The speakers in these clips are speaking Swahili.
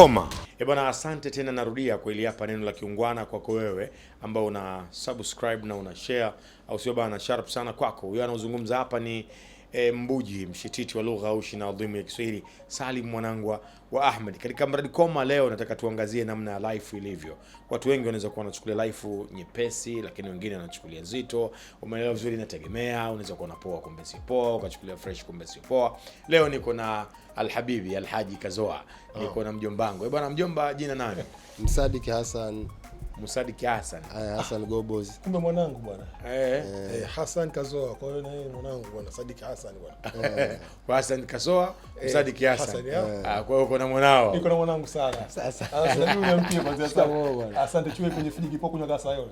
koma. E eh bwana, asante tena, narudia kweli hapa neno la kiungwana kwako wewe ambao una subscribe na una share, au sio bwana? Sharp sana kwako. Huyo anaozungumza hapa ni e, Mbuji, mshititi wa lugha aushi na adhimu ya Kiswahili, Salim Mwanangwa wa Ahmed. Katika mradi koma leo, nataka tuangazie namna ya life ilivyo. Watu wengi wanaweza kuwa wanachukulia life nyepesi, lakini wengine wanachukulia nzito. Umeelewa vizuri, inategemea. Unaweza kuwa unapoa, kumbe si poa, ukachukulia fresh, kumbe si poa. Leo niko na Alhabibi Alhaji Kazoa, niko oh, na mjombangu. E eh, bwana, mjomba jina nani? Msadiki Hassan Musadiki Hassan. Haya, Hassan Gobozi. Kumbe mwanangu bwana. Eh. Eh, Hassan Kazoa. Kwa hiyo na yeye mwanangu bwana Sadiki Hassan bwana. Kwa Hassan Kazoa, Musadiki Hassan. Ah, kwa hiyo uko na mwanao. Niko na mwanangu sana. Sasa. Sasa mimi nampia kwanza sasa. Asante chue kwenye fridge kwa kunywa gasa yao.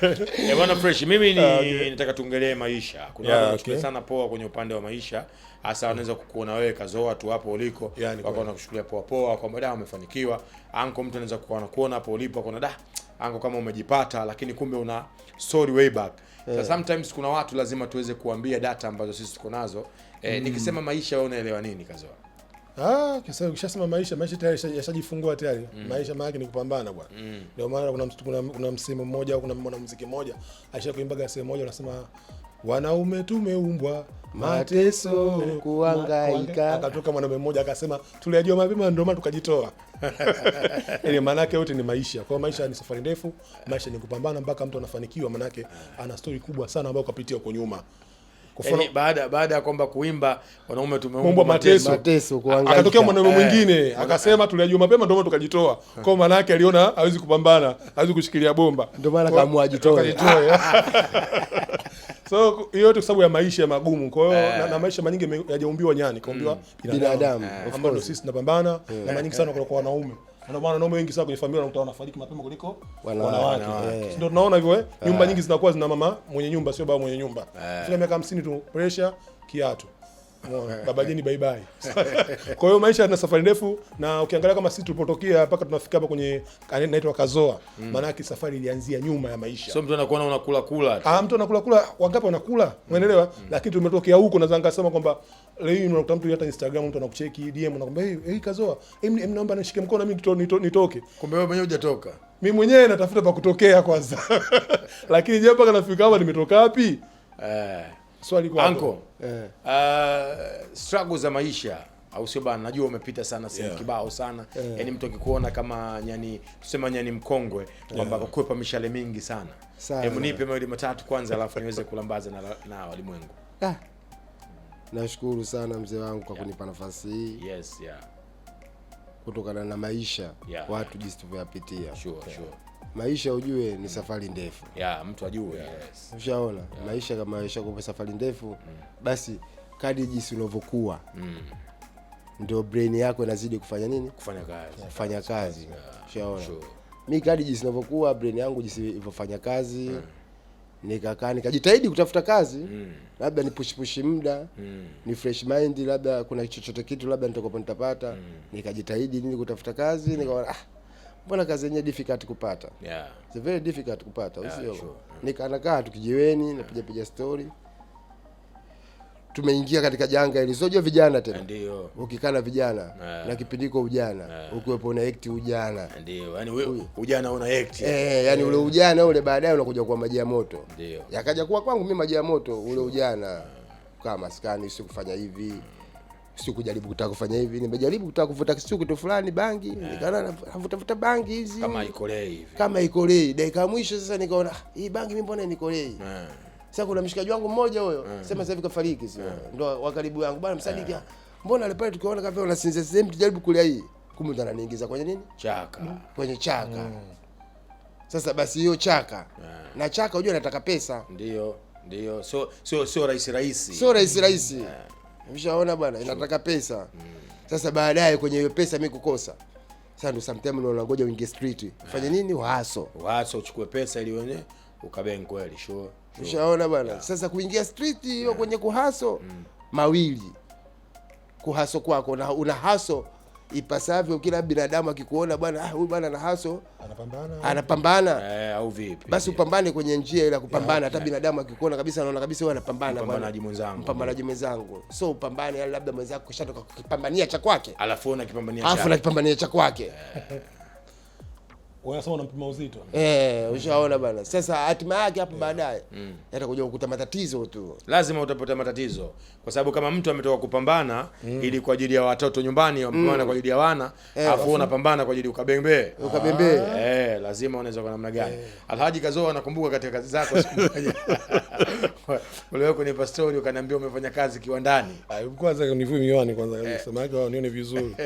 Eh, bwana fresh, mimi ni ah, okay. Nataka tuongelee maisha. Kuna yeah, watu okay. sana poa kwenye upande wa maisha, hasa wanaweza kukuona wewe kazoa tu hapo uliko, yeah, wako wanakushukulia poa poa kwamba da umefanikiwa. Anko mtu anaweza kuona kuona hapo ulipo kuna da anko kama umejipata, lakini kumbe una story way back. Yeah. So sometimes kuna watu lazima tuweze kuambia data ambazo sisi tuko nazo. Eh, mm. Nikisema maisha wewe unaelewa nini kazoa? Ah, kisa ukishasema maisha, maisha tayari yashajifungua tayari. Mm. Maisha maana ni kupambana bwana. Mm. Ndio maana kuna kuna, kuna msimu mmoja au kuna mwanamuziki mmoja alisha kuimbaga sehemu moja anasema wanaume tumeumbwa mateso kuangaika. Akatoka mwanaume mmoja akasema tuliajua mapema ndio maana tukajitoa. Ile yaani maana yake yote ni maisha. Kwa maisha ni safari ndefu, maisha ni kupambana mpaka mtu anafanikiwa, maana yake ana stori kubwa sana ambayo kapitia huko nyuma. Kufono... Yani, baada baada ya kwamba kuimba wanaume tumeumbwa mateso, mateso ah, akatokea mwanaume eh. mwingine eh, akasema tulijua mapema, ndio tukajitoa. Kwa maana yake aliona hawezi kupambana, hawezi kushikilia bomba, ndio maana kaamua ajitoe. So hiyo yote kwa sababu ya maisha magumu. Kwa hiyo eh, na, na maisha manyingi yajaumbiwa nyani, kaumbiwa mm. binadamu, eh. ambao sisi tunapambana na eh. manyingi sana kwa wanaume ndio maana wanaume wengi sana kwenye familia wanakuta wanafariki mapema kuliko wanawake. Ndio tunaona hivyo eh, nyumba eh. nyingi zinakuwa zina mama mwenye nyumba, sio baba mwenye nyumba. Kila eh. miaka 50 tu pressure kiatu babajeni bye bye. Kwa hiyo maisha yana safari ndefu, na ukiangalia kama sisi tulipotokea mpaka tunafika hapa kwenye inaitwa Kazoa, mm. maana yake safari ilianzia nyuma ya maisha. Sio mtu anakuona unakula kula. Ah, mtu anakula kula, wangapi wanakula? Unaelewa? Mm. Lakini tumetokea huko na zanga sema kwamba leo unakuta mtu hata Instagram mtu anakucheki DM anakuambia, "Hey, hey Kazoa, em em naomba nishike mkono mimi nitoke." Kumbe wewe mwenyewe hujatoka. Mimi mwenyewe natafuta pa kutokea kwanza. Lakini je, mpaka nafika hapa nimetoka wapi? Eh. Swali kwako. Eh. Uh, struggle za maisha au sio bana? Najua umepita sana sehemu yeah. kibao sana yeah. Yaani mtu akikuona kama nyani tusema nyani mkongwe kwamba yeah. kukwepa mishale mingi sana. Hebu nipe mawili matatu kwanza alafu niweze kulambaza na, na walimwengu. Ah. Nashukuru sana mzee wangu kwa yeah. kunipa nafasi hii. Yes, yeah. Kutokana na maisha yeah. watu jinsi tulivyopitia. Sure, yeah. sure maisha ujue ni safari ndefu yeah, mtu ajue yes. Ushaona yeah. Maisha kama yashakupa safari ndefu mm. Basi kadi jinsi unavyokuwa mm. Ndio brain yako inazidi kufanya nini? Kufanya kazi, kufanya kazi. Yeah. Ushaona sure. Mi kadi jinsi inavyokuwa brain yangu jinsi ilivyofanya kazi mm. Nikakaa nikajitahidi kutafuta kazi mm. Labda nipushpushi muda mm. ni fresh mind, labda kuna chochote kitu labda nitakapo nitapata mm. Nikajitahidi nini kutafuta kazi mm. Nikaona ah mbona kazi yenyewe difficult kupata yeah. It's very difficult kupata yeah, sure. Nikanakaa tukijiweni yeah. Napiga piga story tumeingia katika janga hili, sio vijana tena. Ndio ukikaa na vijana yeah. na kipindiko ujana yeah. ukiwepo una act ujana, ndio yani wewe ujana una act eh, eh yani ule ujana ule baadaye unakuja kuwa maji ya moto, ndio yakaja kuwa kwangu mimi maji ya moto ule ujana yeah. kama maskani, si kufanya hivi sio kujaribu kutaka kufanya hivi, nimejaribu kutaka kuvuta kisu kitu fulani bangi, eh. nikaona navuta vuta bangi hizi kama ikolei hivi, kama ikolei. Dakika mwisho sasa nikaona hii bangi mimi mbona nikolei? Eh. Sasa kuna mshikaji wangu mmoja huyo eh. sema sasa hivi kafariki, sio yeah. ndo wa karibu yangu bwana Msadiki, yeah. mbona ile pale tukiona kafe na sinze sasa tujaribu kulia hii, kumbe ndo ananiingiza kwenye nini chaka, mm. kwenye chaka mm. Sasa basi hiyo chaka yeah. Na chaka unajua nataka pesa, ndio ndio, sio sio sio rahisi rahisi, sio rahisi rahisi yeah. Umeshaona bwana, inataka pesa. Sasa baadaye kwenye hiyo pesa mimi kukosa sasa ndo sometimes unangoja uingie street. Fanye ah. nini? Waso. Waso uchukue pesa ili wenye ukabenki kweli sure. Ushaona bwana. Yeah. Sasa kuingia street hiyo yeah, kwenye kuhaso mm, mawili. Kuhaso kwako na una haso ipasavyo. Kila binadamu akikuona bwana, ah, huyu bwana ana haso, anapambana anapambana, eh, au vipi, basi upambane kwenye njia ile ya kupambana. Hata eh, binadamu akikuona kabisa, anaona kabisa wewe anapambana, mpambanaji mwenzangu, mpambanaji mwenzangu. So upambane, labda mwenzako kishatoka kukipambania cha kwake, alafu unakipambania cha alafu unakipambania cha kwake. Eh. Wanasema unampima uzito. Eh, ushaona bana. Sasa hatima yake hapo baadaye mm. yatakuja kukuta matatizo tu. Lazima utapata matatizo kwa sababu kama mtu ametoka kupambana mm. ili kwa ajili ya watoto nyumbani, pambana mm. kwa ajili ya wana, eh, afu unapambana kwa ajili ukabembe. Ukabembe. Ah. Eh, lazima unaweza kwa namna gani? Eh. Alhaji Kazoo anakumbuka katika kazi zako siku moja. Uliwahi kunipa pastori ukaniambia umefanya kazi kiwandani. Kwanza nivue miwani kwanza kabisa, eh. maana nione vizuri.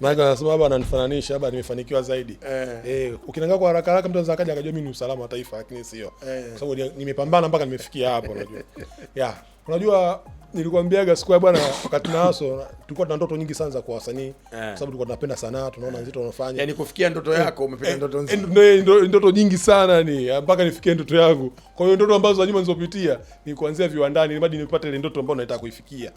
Maana anasema baba ananifananisha, baba nimefanikiwa zaidi. Eh. eh eh, ukinanga kwa haraka haraka mtu anaweza akaja akajua mimi ni usalama wa taifa, lakini sio eh. Kwa sababu nimepambana mpaka nimefikia hapo unajua yeah. Unajua nilikwambiaga siku ya bwana, wakati naso tulikuwa tuna ndoto nyingi sana za kwa wasanii eh, kwa sababu tulikuwa tunapenda sanaa, tunaona nzito wanafanya, yani kufikia ndoto eh. yako eh, umepiga ndoto eh, nzito ndio ndoto nyingi sana ni mpaka nifikie ndoto yangu. Kwa hiyo ndoto ambazo za nyuma nilizopitia ni kuanzia viwandani hadi nipate ile ndoto ambayo naitaka kuifikia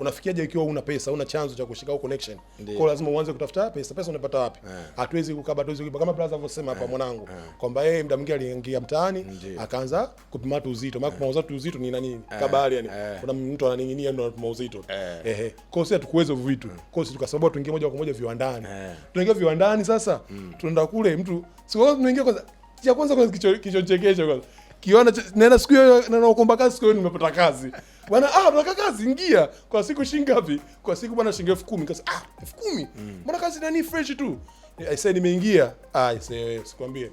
unafikiaje ikiwa una pesa, una chanzo cha kushika au connection? Kwa lazima uanze kutafuta pesa. Pesa unapata wapi? Eh. Hatuwezi kukaa, hatuwezi kuiba kama brother alivyosema hapa eh. mwanangu eh. kwamba yeye muda mwingine aliingia mtaani akaanza kupima tu uzito, maana kupima uzito, uzito ni nani? Kabali yani. Kuna mtu ananing'inia ndio anapima uzito. Ehe. Kwa hiyo hatukuweza hivyo vitu. Kwa hiyo tukasababu tuingie moja kwa moja viwandani. Tunaingia viwandani sasa, mm. tunaenda kule mtu sio tunaingia kwanza cha kwanza kwanza kichochekesho kwanza kiona nena siku hiyo nena kuomba kazi, siku hiyo nimepata kazi bwana. Ah, tunataka kazi, ingia kwa siku shilingi ngapi? Kwa siku bwana, shilingi elfu kumi. Kasa ah, elfu kumi mm. mbona kazi nani fresh tu. I said nimeingia. Ah, I said eh, sikwambie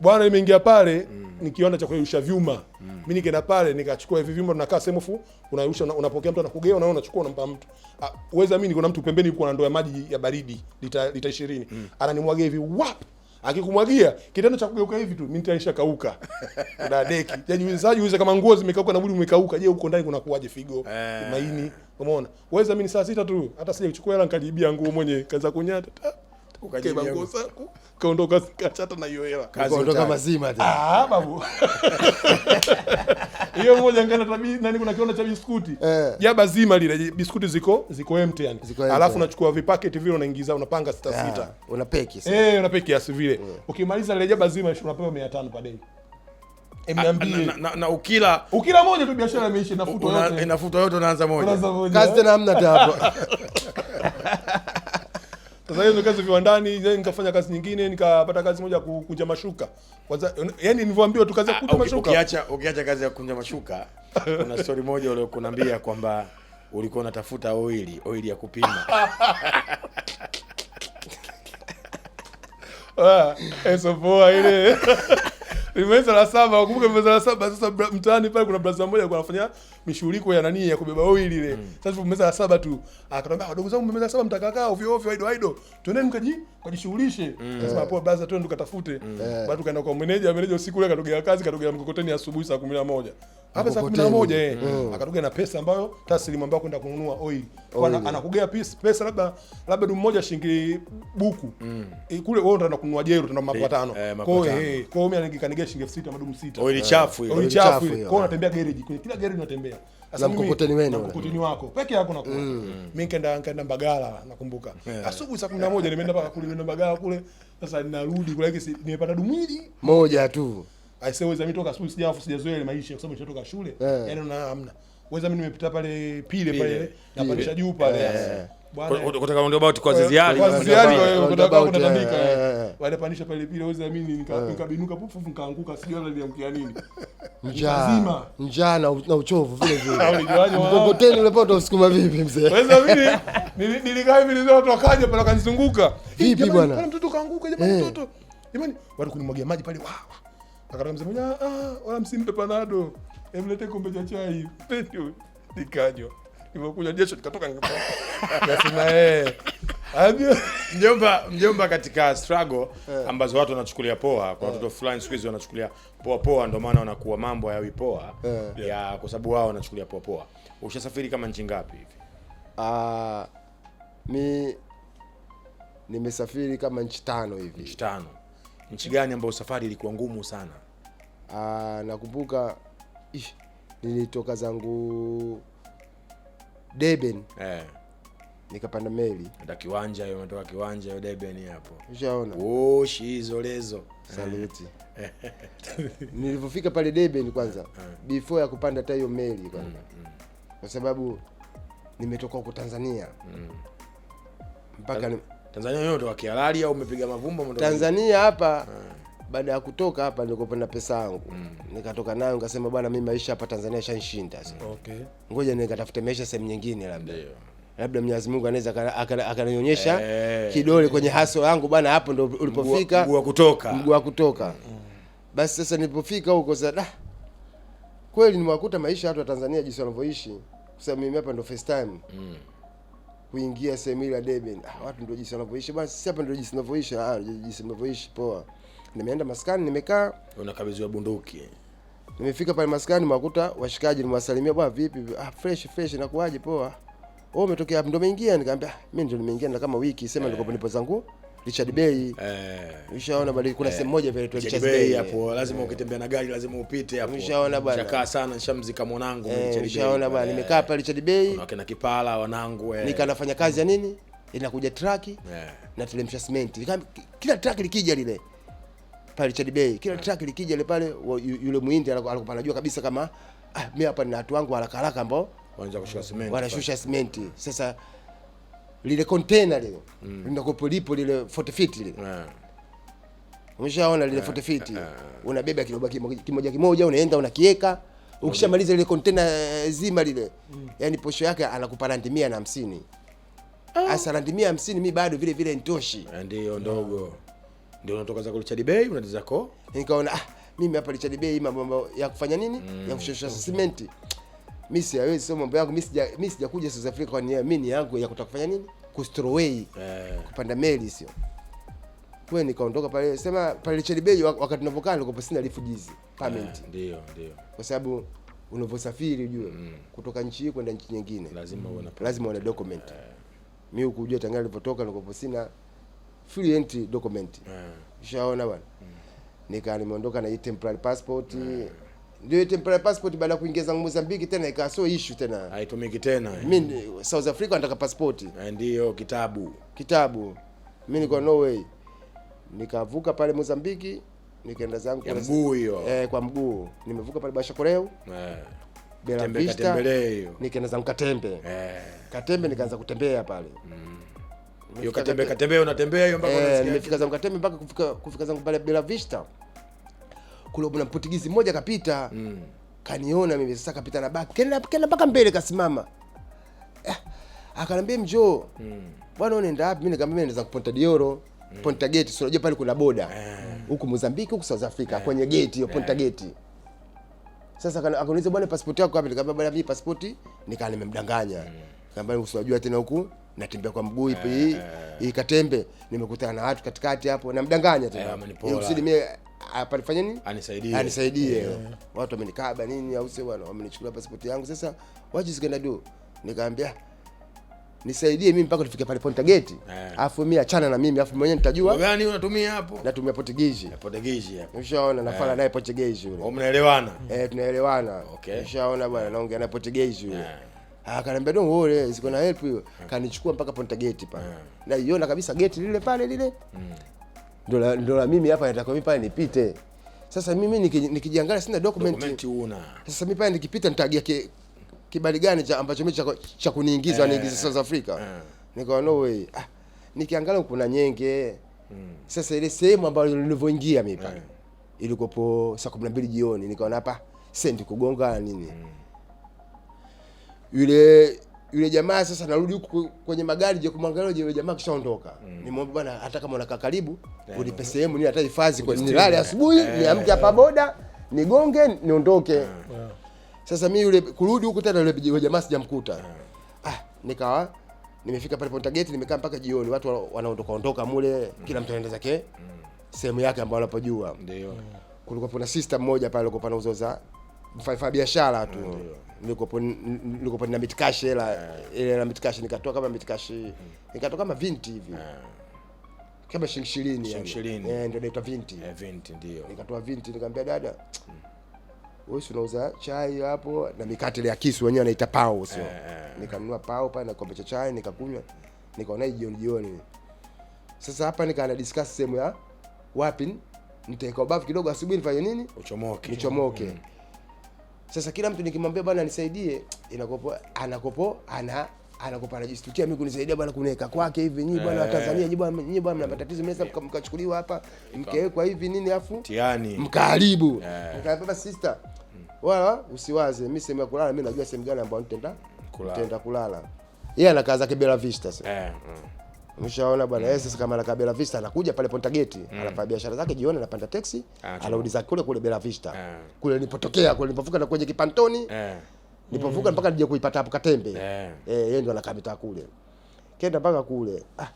bwana, nimeingia pale mm. nikiona cha kuisha vyuma mm. mimi nikaenda pale nikachukua hivi vyuma, tunakaa sehemu fu unaisha, unapokea mtu anakugea, unaona, unachukua unampa mtu ah, uweza mimi niko na mtu pembeni yuko na ndoo ya maji ya baridi lita, lita 20 mm. ananimwagia hivi wap Akikumwagia kitendo cha kugeuka hivi tu, mimi nitaisha kauka. Kuna deki. Yaani uweze kama nguo zimekauka na mwili umekauka, je, huko ndani kuna kuwaje figo, eh. maini? Umeona? waweza mimi saa sita tu, hata sija kuchukua hela nikajibia nguo mwenye kaza kunyata ukajibia nguo zako kaondoka, kachata na hiyo hela kaondoka mazima tena. Ah babu, hiyo moja ngana tabii nani, kuna kiona cha biskuti jaba eh, zima lile biskuti ziko ziko empty yani, alafu unachukua vipaketi vile unaingiza, unapanga sita yeah, sita unapeki sasa eh, unapeki asi vile mm, ukimaliza lile jaba zima unapewa 500 per day ah, na, na, na ukila ukila moja tu biashara imeisha, inafutwa yote, inaanza moja, kazi tena hamna hapo Sasa hiyo kazi viwandani, then nikafanya kazi nyingine, nikapata kazi moja kukunja mashuka. Kwanza yani nilivyoambiwa tu kazi ya kukunja ah, mashuka. Ukiacha ukiacha kazi ya kukunja mashuka, kuna story moja uliokunambia kwamba ulikuwa unatafuta oili, oili ya kupima. Ah, eso boa ile. Nimemaliza la saba, ukumbuke nimemaliza la saba. Sasa mtaani pale kuna brother mmoja alikuwa anafanya mishughuliko ya nani ya kubeba oil ile. Mm. Sasa tumemaliza la saba tu. Akaniambia wadogo ah, zangu mmemaliza la saba mtakakaa ovyo ovyo aido aido. Twendeni mkaji kujishughulishe. Mm. poa brother twende tukatafute. Baada mm. eh. tukaenda kwa meneja, meneja usiku ule akatogea kazi, katogea mkokoteni asubuhi saa 11. Hapa saa 11 eh. Mm. na pesa ambayo taslimu ambayo kwenda kununua oil. Kwa anakugea pesa labda labda dumu moja shilingi buku. Mm. Eh, kule wewe utaenda kununua jero tunaenda mapato eh, tano. Kwa hiyo kwa hiyo mimi ya shilingi elfu sita madumu sita. Oili eh, chafu hiyo. Oili chafu hiyo. unatembea kwenye kila unatembea. Sasa mkokoteni wenu. Mkokoteni wako. Peke yako na mm. Mimi nikaenda nikaenda Mbagala nakumbuka. Asubuhi saa nimeenda mpaka kule Mbagala kule. Sasa ninarudi kule kesi nimepata moja tu. mimi toka asubuhi sijazoea maisha kwa sababu nishatoka shule. Yaani hamna. mimi nimepita pale pile pale juu pale kutoka Roundabout kwa Ziziari kwa Ziziari kunatandika, walipanisha pale bila uweza mimi, eh. nikabinuka pufu, nikaanguka, sijui niliangukia nini, njaa njaa na uchovu vile vile. Mkokoteni ule poto usukuma vipi mzee? Sasa mimi nilikaa hivi, ndio watu wakaja pale wakanizunguka, vipi bwana, mtoto kaanguka, jamani, eh. mtoto jamani, watu kunimwagia maji pale, wa akatoka mzee mmoja, ah, ah, wala msimpe panado, emlete kombe cha chai, mpende nikanywa nimekunywa jesho nikatoka nikasema eh mjomba mjomba, katika struggle yeah, ambazo watu wanachukulia poa kwa eh. watoto fulani siku hizi wanachukulia poa poa, ndio maana wanakuwa mambo hayawi poa yeah, ya kwa sababu wao wanachukulia poa poa. Ushasafiri kama nchi ngapi hivi? Uh, ah, mi nimesafiri kama nchi tano hivi. Nchi tano. Nchi gani ambayo safari ilikuwa ngumu sana? Uh, nakumbuka nilitoka zangu Deben eh, nikapanda meli hata kiwanja hiyo, umetoka kiwanja hiyo Deben hapo, ushaona Oh, hizo lezo, saluti eh. nilivyofika pale Deben kwanza eh. Eh. before ya kupanda hata hiyo meli kwanza mm, mm. kwa sababu nimetoka huko Tanzania mm. mpaka Tanzania, yote umetoka kihalali au umepiga mavumba? Tanzania hapa baada ya kutoka hapa nilikuwa na pesa yangu mm. nikatoka nayo nikasema, bwana, mimi maisha hapa Tanzania shanshinda sasa. Okay, ngoja nikatafute maisha sehemu nyingine, labda ndio labda Mwenyezi Mungu anaweza akanionyesha hey, eh. kidole kwenye haso yangu bwana, hapo ndo ulipofika mguu wa kutoka, mguu wa kutoka. Mm. Basi sasa nilipofika huko sasa, da kweli nimewakuta maisha watu wa Tanzania jinsi wanavyoishi, kwa sababu mimi hapa ndo first time mm kuingia sehemu ile ya Deben. Ah, watu ndio jinsi wanavyoishi Basi sisi hapa ndio jinsi tunavyoishi. Ah, jinsi tunavyoishi poa nimeenda maskani, nimekaa, unakabidhiwa bunduki. Nimefika pale maskani, makuta washikaji, nimewasalimia, bwana, vipi? Ah, fresh fresh, nakuaje? Poa. Oh, umetokea ndo umeingia? Nikamwambia mimi ndo nimeingia na kama wiki sema, nilikuwa nipo zangu Richard mm. Bey. Eh. Ushaona bali kuna eh. sehemu moja pale tu Richard Bey hapo, lazima eh. ukitembea na gari lazima upite hapo. Ushaona bwana. Chakaa sana nishamzika mwanangu mimi eh, Richard Bay. Ushaona bwana, nimekaa pale Richard Bey. Kuna kina Kipala wanangu. eh. Nika nafanya kazi ya nini? Inakuja traki. Na tulimsha cement. Kila truck likija lile pale Richard Bay, kila track likija ile pale, yule muhindi alikuwa anajua kabisa kama ah, mimi hapa nina watu wangu haraka haraka ambao wanaanza kushusha simenti, wanashusha simenti sasa lile container lile mm. linakopo lipo lile 40 feet lile yeah. Umeshaona lile 40 eh, feet yeah. Eh. Unabeba kiloba kimoja kimoja, unaenda unakiweka, ukishamaliza lile container eh, zima lile mm. Yani posho yake anakupa randi mia na hamsini. Ah. Asa randi mia hamsini mi bado vile vile nitoshi, ndio ndogo ndio unatoka zako Richard Bay unaenda zako. Nikaona ah, mimi hapa Richard Bay mambo ya kufanya nini? Mm. Ya kushosha simenti. Mimi siwezi sio mambo yangu, mimi sija mimi sijakuja South Africa kwa nia mimi yangu ya kutaka kufanya nini? Kustroway. Eh. Kupanda meli sio. Kwa nikaondoka pale sema pale Richard Bay wakati tunavokaa nilikuwa sina refugees permit. Eh, ndio, ndio. Kwa sababu unavyosafiri ujue mm. kutoka nchi hii kwenda nchi nyingine lazima uone na lazima uone document. Eh. Mimi ukujua tangu nilipotoka nilikuwa sina fluent document shaona yeah. bwana mm. nika nimeondoka na hii temporary passport yeah. Ndio temporary passport baada ya kuingiza Mozambique tena ikawa sio issue tena. Haitumiki tena. Mimi South Africa nataka passport. E, ndio kitabu. Kitabu. Mimi niko Norway. Nikavuka pale Mozambiki, nikaenda zangu kwa mguu hiyo. Eh, kwa mguu. Nimevuka pale Bashakoreu. yeah. Bela Vista. Nikaenda zangu Katembe. Eh. Katembe nikaanza kutembea pale. Mm hiyo Katembe Katembe unatembea hiyo mpaka eh, unasikia. Nimefika zangu Katembe mpaka kufika kufika zangu pale Bella Vista. Kule kuna Mportugizi mmoja kapita. Mm. Kaniona mimi sasa kapita na baki. Kenda kenda mpaka mbele kasimama. Eh, akaniambia mjo Mm. Bwana unaenda wapi? Mimi nikamwambia naenda kuponta Dioro. Mm. Ponta Gate, sio unajua pale kuna boda. Eh. huko mm. Mozambique, huko South Africa, mm. kwenye gate hiyo Ponta Gate. Sasa akaniuliza bwana pasipoti yako wapi? Nikamwambia bwana mimi pasipoti nikaa nimemdanganya. Mm ambayo usijua tena huku natembea kwa mguu ipi hii eh. hii katembe, nimekutana na watu katikati hapo, namdanganya tena eh, usidi mimi hapa nifanye nini, anisaidie anisaidie. Yeah. yeah. Watu wamenikaba nini, au sio bwana, wamenichukua passport yangu. Sasa what is gonna do, nikamwambia nisaidie mimi mpaka tufike pale Ponta Gate, eh. afu mimi achana na mimi, afu mwenyewe nitajua wewe gani unatumia hapo. Natumia Portugizi, Portugizi hapo, ushaona nafala naye Portugizi yule, mnaelewana eh, tunaelewana. Okay, ushaona bwana, naongea na Portugizi yule Akaniambia don't worry, ziko gonna help you mm. Kanichukua mpaka Ponta Gate pale. Mm. Na iona kabisa gate lile pale lile. Mm. Ndio la, ndio la mimi hapa nitakuwa mimi pale nipite. Sasa mimi nikijiangalia sina document. Document una. Sasa mimi pale nikipita nitagia kibali gani cha ambacho mimi cha, kuniingiza eh, niingiza South Africa. Eh. Nikawa no way. Ah, nikiangalia kuna nyenge. Mm. Sasa ile sehemu ambayo nilivyoingia mimi pale. Eh. Ilikopo saa 12 jioni nikaona hapa sendi kugonga nini. Mm yule yule jamaa sasa, narudi huko kwenye magari, je kumwangalia yule jamaa kishaondoka. mm. Nimwombe bwana, hata kama unakaa karibu yeah, unipe sehemu ni hata hifadhi kwa nilale asubuhi yeah, niamke hapa boda nigonge niondoke. yeah. Sasa mimi yule kurudi huko tena yule jamaa sijamkuta. yeah. Ah, nikawa nimefika pale Ponta Gate, nimekaa mpaka jioni, watu wanaondoka ondoka mule, mm. kila mtu anaenda zake mm. sehemu yake ambayo anapojua. Ndio Mm. kulikuwa kuna sister mmoja pale alikuwa anauza mfanya biashara tu mm. na mitikashi hela Ile na mitikashi nikatoa kama mitikashi Nikatoa kama vinti hivi Kama shilingi ishirini yani ishirini eh, ndio naitwa vinti eh, vinti ndio nikatoa vinti, nikamwambia dada mm. wewe si unauza chai hapo na mikate ya kisu wenyewe anaita pao, sio yeah. Eh. Nikanunua pao pale na kombe cha chai nikakunywa, nikaona jioni jioni sasa hapa nikaa na discuss sehemu ya wapi nitaweka ubavu kidogo, asubuhi nifanye nini, uchomoke uchomoke mm. Sasa kila mtu nikimwambia bwana nisaidie, inakopo anakopo ana anakopa anajistukia, mimi kunisaidia bwana kuneka kwake hivi, nyinyi bwana wa Tanzania, eh. nyinyi bwana nyinyi bwana mna matatizo mimi mkachukuliwa hapa mkawekwa hivi nini, afu tiani mkaharibu. Eh. baba sister, wala usiwaze mimi sehemu ya kulala, mimi najua sehemu gani ambayo nitaenda kulala, nitaenda kulala. Yeye anakaza Kibera Vista sasa eh mm. Umeshaona bwana Yesu kama anakaa Bella Vista anakuja pale Ponta Gate, mm. anafanya biashara zake jioni anapanda taxi, ah, anarudi zake kule kule Bella Vista. yeah. Kule nilipotokea kule nilipovuka na kwenye Kipantoni. yeah. Nilipovuka mm. mpaka nije kuipata hapo Katembe. Ah. Eh, yeye ndio anakaa mitaa kule. Kenda mpaka kule. Ah.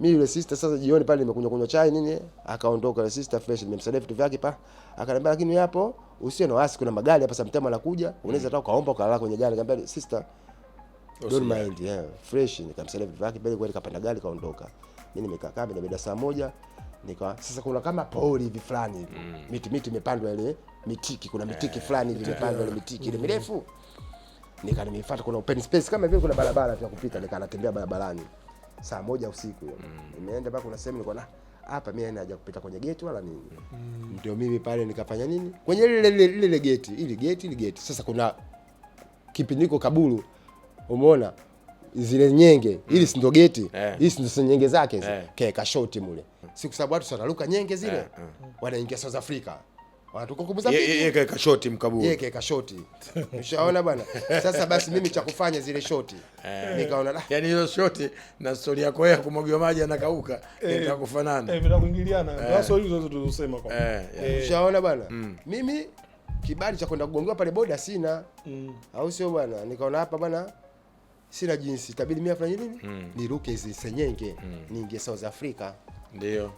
Mimi yule sister sasa jioni pale nimekunywa kunywa chai nini, akaondoka yule sister fresh, nimemsaidia vitu vyake pa. Akaniambia lakini hapo usiwe na wasi, kuna magari hapa sometime anakuja, unaweza hata ukaomba ukalala kwenye gari. Nikamwambia sister Don't mind yeah. Fresh nikamsalia vitu vyake pale, nikapanda gari kaondoka. Mimi nimekaa kambi na beda saa moja nika sasa, kuna kama pori hivi fulani hivi mm. miti miti imepandwa ile mitiki, kuna mitiki yeah. fulani hivi imepandwa ile mitiki ile mm. mirefu, nika nimeifuata, kuna open space kama vile kuna barabara tu kupita, nika natembea barabarani saa moja usiku hiyo mm. nimeenda mpaka kuna sehemu nilikuwa na hapa mimi haja kupita kwenye geti wala nini mm. ndio mimi pale nikafanya nini kwenye ile ile ile geti ili geti ili geti sasa, kuna kipindiko kaburu umeona zile nyenge ili si ndo geti yeah. ndo nyenge zake zi. yeah. keka shoti mule, si kwa sababu watu wanaruka nyenge zile yeah. mm. Eh. wanaingia South Africa wanatoka kubuza yeye yeah, yeah, keka shoti mkaburu, yeye yeah, keka shoti ushaona bwana. Sasa basi mimi cha kufanya zile shoti yeah. nikaona la, ah. yani hizo shoti na story yako ya kumwagiwa maji anakauka eh. ndio kufanana eh, kuingiliana eh. ndio sio hizo zote tunazosema kwa ushaona bwana mm. mimi kibali cha kwenda kugongewa pale boda sina mm. au sio bwana, nikaona hapa bwana sina jinsi, itabidi mimi afanye nini? mm. niruke zisenyenge mm. niingie South Africa. Ndio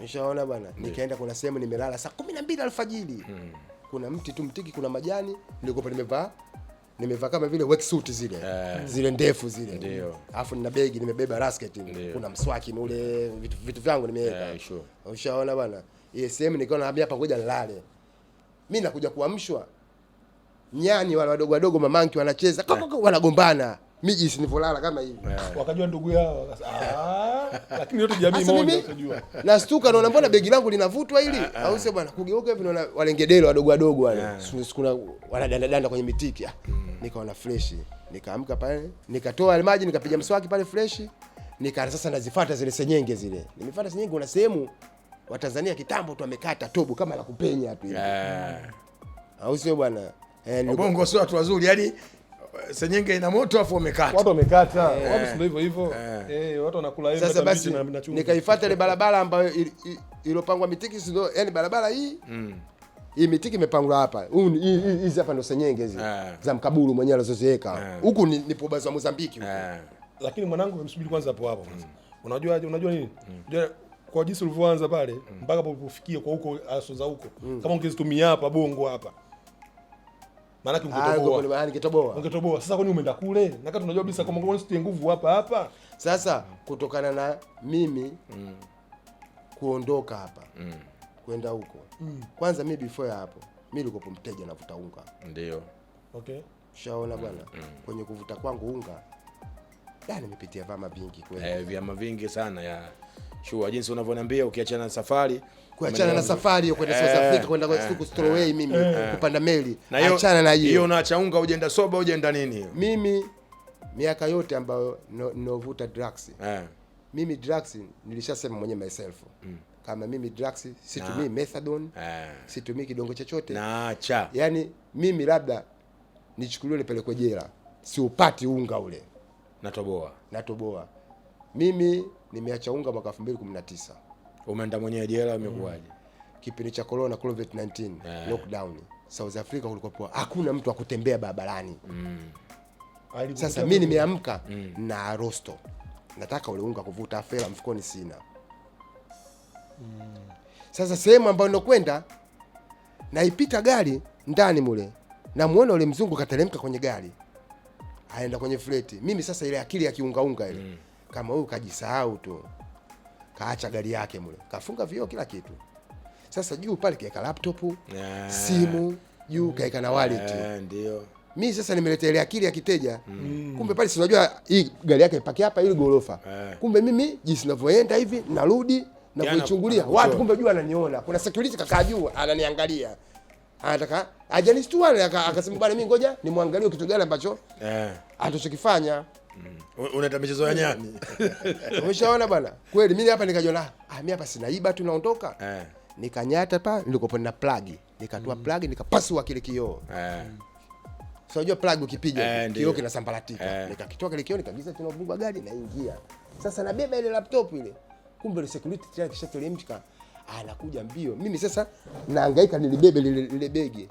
nishaona bwana, nikaenda kuna sehemu nimelala saa 12 alfajiri mm. kuna mti tu mtiki, kuna majani, nilikuwa nimevaa nimevaa kama vile worksuit zile yeah. zile ndefu zile, ndio alafu nina begi nimebeba rasket, kuna mswaki mule vitu, vitu vyangu nimeweka yeah, sure. Ushaona bwana, ile sehemu nikiona hapa kuja nilale mimi, nakuja kuamshwa nyani wale wadogo wadogo, mamanki wanacheza yeah. wanagombana miji jinsi nilivyolala kama hivi yeah. Wakajua ndugu yao ah, lakini yote jamii moja unajua. Nastuka naona mbona begi langu linavutwa hili uh, au sio bwana, kugeuka hivi naona walengedele wadogo wadogo wale yeah. Sikuna wanadandadanda kwenye mitiki mm. Nikaona fresh, nikaamka pale nikatoa ile maji nikapiga mswaki pale fresh, nikaanza sasa nazifuata zile senyenge zile, nimefuata senyenge. Una sehemu Watanzania kitambo tu wamekata tobo kama la kupenya hapo hivi yeah. Au sio bwana eh, Bongo sio watu wazuri yani senyenge ina moto afu wamekata watu wamekata yeah. watu ndio hivyo hivyo eh, yeah. watu wanakula hivyo. Sasa basi nikaifuata ile barabara ambayo iliyopangwa mitiki, sio Yani barabara hii mm. hii mitiki imepangwa hapa, Huu hizi hapa ndo senyenge hizi yeah. za mkaburu mwenyewe alizoziweka eh. huku yeah. ni pobazo wa Mozambiki huko. Yeah. Lakini mwanangu msubiri kwanza hapo hapo mm. unajua unajua nini mm. unajua kwa jinsi ulivyoanza pale mm. mpaka ulipofikia kwa huko aso za huko mm. kama ungezitumia hapa bongo hapa maana ah, kingetoboa, ningetoboa, ungetoboa. Sasa kwani umeenda kule na kama tunajua bisa kama ngono sitie nguvu hapa hapa. Sasa kutokana na mimi mm. kuondoka hapa mm. kwenda huko mm. kwanza, mimi before hapo mimi nilikuwa mteja navuta unga, ndio okay, shaona bwana mm, mm. kwenye kuvuta kwangu unga, yani nimepitia vyama vingi kweli, eh, vyama vingi sana ya Sure, jinsi unavyoniambia ukiachana na safari kuachana na safari eh, kwenda South Africa kwenda kwa eh, siku stowaway eh, mimi kupanda meli. Achana na hiyo. Hiyo unaacha unga ujenda soba ujenda nini? Mimi miaka yote ambayo ninovuta no drugs. Eh. Mimi drugs nilishasema mwenye myself. Mm. Kama mimi drugs situmii methadone, eh. situmii kidongo chochote. Naacha. Yaani mimi labda nichukuliwe nipelekwe jela. Siupati unga ule. Natoboa. Natoboa. Mimi nimeacha unga mwaka 2019. Umeenda mwenyewe jela, umekuaje? Mm. Kipindi cha corona covid 19 yeah. lockdown South Africa kulikuwa hakuna mtu akutembea barabarani mm. Sasa mimi nimeamka mm. na rosto, nataka ule unga kuvuta, fela mfukoni sina mm. Sasa sehemu ambayo nakwenda naipita gari ndani mule, namuona ule mzungu kateremka kwenye gari aenda kwenye fleti. Mimi sasa ile akili ya kiungaunga ile mm kama wewe ukajisahau tu, kaacha gari yake mule, kafunga vio kila kitu. Sasa juu pale kaeka laptop yeah, simu juu mm. kaeka na wallet yeah, ndio mimi sasa ile akili ya kiteja mm. Kumbe pale si unajua hii gari yake ipaki hapa ili gorofa yeah. Kumbe mimi jinsi ninavyoenda hivi narudi yaani na kuichungulia yeah, watu, kumbe juu ananiona, kuna security kakaa juu ananiangalia anataka ajanistua, akasema bwana, mimi ngoja nimwangalie kitu gani ambacho yeah, atachokifanya Mm. Unaenda michezo ya yaani, nyani. Umeshaona bwana? Kweli mimi hapa nikajola. Ah, mimi hapa sina iba tu naondoka. Eh. Nikanyata pa nilikopo na plug. nikatua mm. plug nikapasua kile kioo. Eh. So unajua plug ukipiga eh, kioo kinasambaratika. Eh. Nikakitoa kile kioo nikagiza tunavuga gari na ingia. Sasa nabeba ile laptop ile. Kumbe ile security tayari kishatelemka. Anakuja ah, mbio. Mimi sasa nahangaika nilibebe lile begi.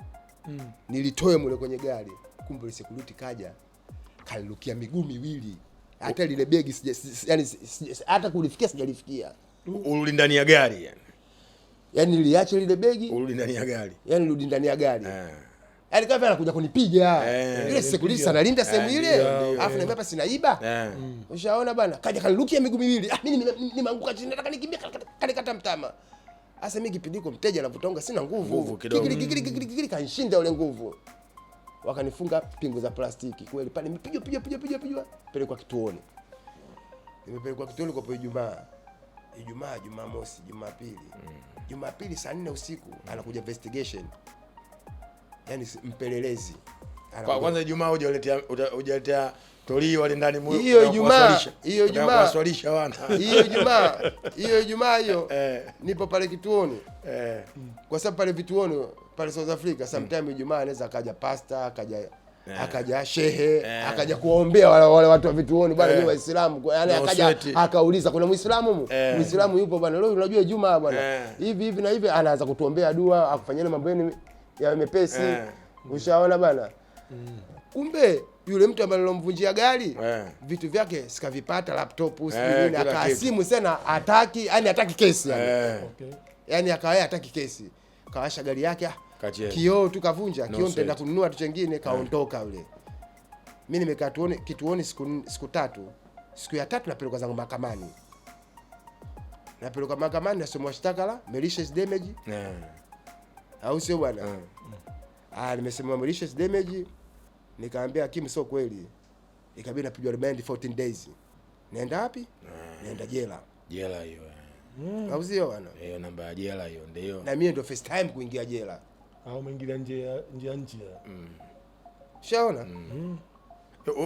Mm. Nilitoe mule kwenye gari. Kumbe ile security kaja akalirukia miguu miwili, hata lile begi yani hata kulifikia sijalifikia. Urudi ndani ya gari yani, yani niliache lile begi, urudi ndani ya gari yani, urudi ndani ya gari eh. yani, kama anakuja kunipiga eh. ile security sana, linda eh. sehemu ile, alafu naambia hapa sinaiba. Ushaona bana, kaja kalirukia miguu miwili, ah, mimi nimeanguka chini, nataka nikimbie, kanikata mtama. Asa mimi kipindiko, mteja anavotonga, sina nguvu, kikili kikili kikili kanishinda ule nguvu wakanifunga pingu za plastiki kweli pale, mpiga piga piga piga piga, pelekwa kituoni. Nimepelekwa kituoni kwa Ijumaa, Ijumaa, Jumamosi, Jumapili, mm. Jumapili saa nne usiku anakuja investigation, yani mpelelezi kwa kwanza Ijumaa hujaletea hujaletea tolio wale ndani moyo hiyo Ijumaa hiyo Ijumaa kuwaswalisha wana hiyo Ijumaa hiyo Ijumaa hiyo eh. nipo pale kituoni eh, kwa sababu pale vituoni pale South Africa sometimes mm. Ijumaa anaweza akaja pasta akaja yeah. akaja shehe yeah. akaja kuwaombea wale, wale watu wa vituoni bwana yeah. ni Waislamu yani no akaja sweaty. akauliza kuna Muislamu mu yeah. Muislamu yupo bwana leo unajua Juma bwana yeah. hivi hivi na hivi anaanza kutuombea dua akufanyeni mambo yenu ya mepesi yeah. ushaona bwana mm. kumbe yule mtu ambaye alomvunjia gari yeah. vitu vyake sikavipata laptop usi eh, yeah, nini akaa simu sana hataki yani hataki kesi yani yeah. okay. yani akawaya hataki kesi kawasha gari yake ah kioo tu kavunja no, kioo nitaenda kununua tu chengine, eh. kaondoka yule. Mimi nimekaa tuone kituoni siku, siku tatu. Siku ya tatu napeleka zangu mahakamani, napeleka mahakamani, nasomewa shtaka la malicious damage, eh. au sio bwana? Eh. Ah, nimesemewa malicious damage, nikaambia hakimu sio kweli, ikabidi napigwa remand 14 days. Naenda wapi? Naenda jela. Jela hiyo. Mm. Au sio bwana? Hiyo namba ya jela hiyo ndio. Na mimi ndio first time kuingia jela au mwingilia nje ya nje ya nchi mm. shaona mm. mm.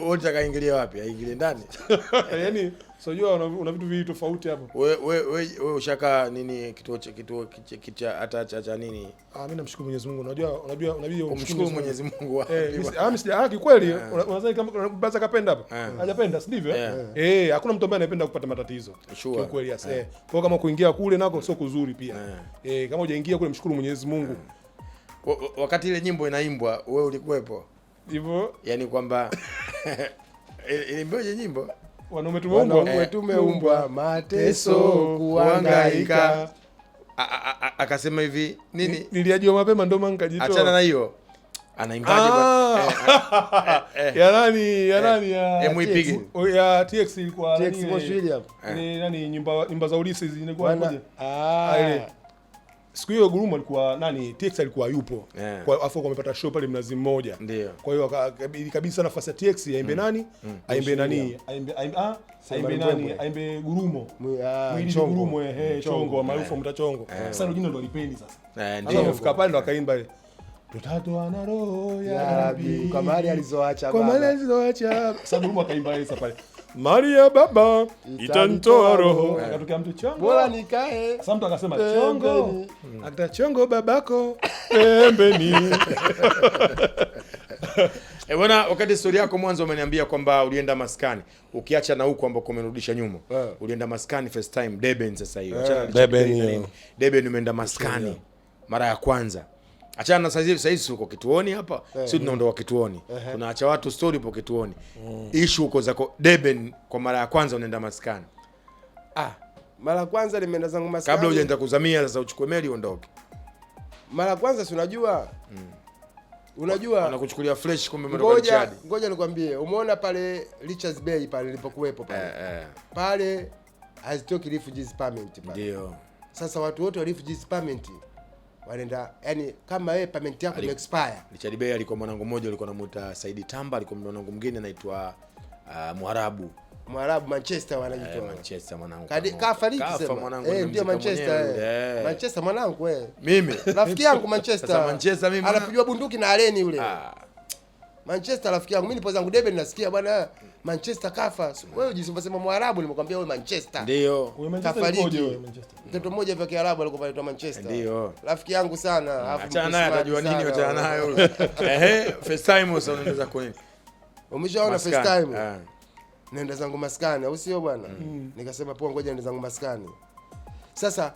Unataka akaingilia wapi? Aingilie ndani. yani so sijua una vitu viwili tofauti hapo. Wewe wewe wewe ushaka nini kituo cha kituo cha hata cha cha nini? Ah, mimi namshukuru Mwenyezi Mungu. Unajua unajua unabidi umshukuru Mwenyezi Mungu eh, wapi? Ah, mimi ah, kweli eh. unadhani kama baza kapenda hapo? Eh. Hajapenda, si ndivyo? Eh, hakuna mtu ambaye anapenda kupata matatizo. Kwa kweli, yes. Kwa kama kuingia kule nako sio kuzuri pia. Eh, kama hujaingia kule mshukuru Mwenyezi Mungu wakati ile nyimbo inaimbwa, wewe ulikuwepo hivyo? Yani kwamba ilimbeje nyimbo? Wanaume tumeumbwa, eh. tumeumbwa mateso, kuangaika. Akasema hivi nini, niliajua mapema ndo maana nikajitoa. Achana na hiyo anaimbaje ah! eh, eh, Ya nani ya nani ya Mwipigi ya TX ilikuwa TX William ni nani, nyumba nyumba za Ulisi zilikuwa nje ah. ah ile siku hiyo Gurumo alikuwa nani, TX alikuwa yupo yeah. Kwa afu wamepata show pale Mnazi Mmoja, kwa hiyo ikabidi sana nafasi ya TX aimbe mm. nani, mm. aimbe nani, aimbe aimbe ah, aimbe nani, aimbe Gurumo ah, mwili Gurumo, eh mm, chongo wa maarufu eh. mta chongo. Eh. Sasa eh, ndio jina ndo alipendi sasa, ndio amefika pale ndo akaimba ile Tutato ana roho ya Rabi, kwa mali alizoacha baba, kwa mali alizoacha. Sasa Gurumo akaimba ile sasa pale Maria baba itanitoa roho. Eh. Akatokea mtu chongo, bora nikae. Sasa mtu akasema chongo, hmm. akata chongo babako pembeni. E bwana, wakati historia yako mwanzo umeniambia kwamba ulienda maskani, ukiacha na huko ambako umerudisha nyuma yeah. Ulienda maskani first time Deben, sasa hiyo eh. yeah. Deben umeenda maskani mara ya kwanza achana sasa hivi uko kituoni hapa hey. Eh. Sisi tunaondoka kituoni uh-huh. Tunaacha watu story po kituoni mm. Issue uko zako Deben, kwa mara ya kwanza unaenda maskani ah, mara ya kwanza nimeenda zangu maskani kabla hujaenda kuzamia, sasa uchukue meli uondoke. Mara ya kwanza si unajua mm. Unajua anakuchukulia fresh, kumbe mara ngoja ngoja nikwambie, umeona pale Richards Bay pale nilipokuwepo pale eh, eh. Pale hazitoki refugees permit pale, ndio sasa watu wote wa refugees permit wanaenda yani, kama wewe payment yako ime expire. Richard Bey alikuwa mwanangu mmoja, alikuwa anamuita Saidi Tamba, alikuwa mwanangu mwingine anaitwa uh, ah, Mwarabu Mwarabu Manchester wanajitoa. Eh, Manchester mwanangu. Kadi kafariki sema. Kafa mwanangu. Eh, ndio Manchester. Eh. Manchester mwanangu wewe. eh. Mimi. Rafiki yangu Manchester. Sasa Manchester mimi. anapijwa bunduki na Aleni yule. Ah. Manchester rafiki yangu, mimi nipo zangu debe ninasikia bwana Manchester kafa. Wewe jisema sema Mwarabu nimekwambia wewe Manchester. Ndio. Kafariki. Mtoto mmoja wa Kiarabu alikuwa anaitwa Manchester. Ndio. Rafiki yangu sana. Achana naye atajua nini achana naye yule. Ehe, first time usio unaweza kwa nini? Umeshaona first time. Ah. Nenda zangu maskani au sio bwana? Mm. Nikasema poa, ngoja nenda zangu maskani. Sasa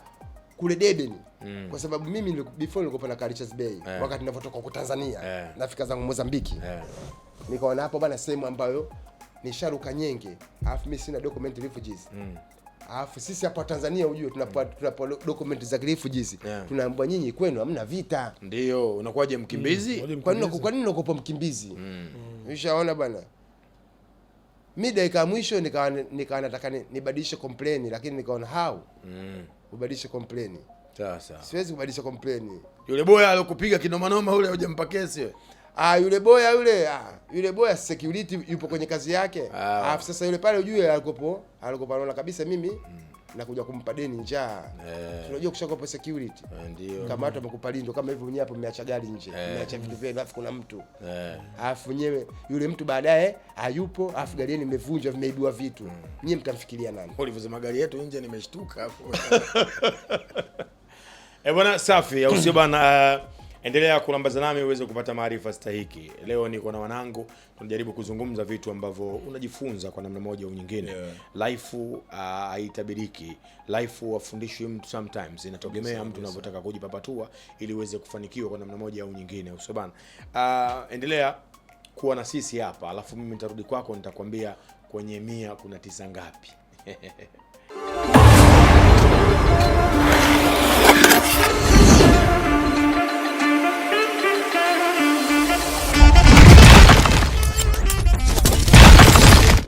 kule Deben mm. kwa sababu mimi before nilikuwa na Richards Bay yeah. wakati ninavyotoka kwa Tanzania yeah. nafika zangu Mozambique yeah. nikaona hapo bana sehemu ambayo ni sharuka nyenge, alafu mimi sina document refugees mm. Alafu sisi hapa Tanzania ujue tunapo mm. tunapo document za refugees yeah. Tunaambiwa nyinyi kwenu hamna vita. Ndio, unakuwaje mkimbizi? Mm. Kwa nini kwa nini unakopa mkimbizi? Mm. mm. Nishaona bana. Mimi dakika mwisho nikawa nikawa nataka nibadilishe complain lakini nikaona how. Mm ubadilishe complain. Sawa sawa. Siwezi kubadilisha complain. Yule boya alokupiga kinoma noma yule hujampa kesi wewe. Ah, yule boya ah, yule, ah, yule boya ah, security yupo kwenye kazi yake. Ah, sasa yule pale ujue alikopo, alikopo anaona kabisa mimi mm na kuja kumpa deni njaa. Yeah. Unajua kushakopa security. Eh, ndio. Kama watu wamekupa lindo kama hivyo wenyewe hapo mmeacha gari nje. Yeah. Mmeacha vitu vyenu afu kuna mtu. Yeah. Afu nyewe yule mtu baadaye hayupo, alafu gari yenu imevunjwa, vimeibiwa vitu. Mm. Nyewe mtamfikiria nani? Ulivyosema gari yetu nje nimeshtuka hapo. Eh, bwana safi, au sio bwana? endelea kulambaza nami uweze kupata maarifa stahiki. Leo niko na wanangu, tunajaribu kuzungumza vitu ambavyo unajifunza kwa namna moja au nyingine yeah. Life ah, haitabiriki, uh, life wafundishwi mtu sometimes, inategemea mtu unavyotaka kujipapatua ili uweze kufanikiwa kwa namna moja au nyingine, usio bana. Uh, endelea kuwa na sisi hapa, alafu mimi nitarudi kwako, nitakwambia kwenye mia kuna tisa ngapi?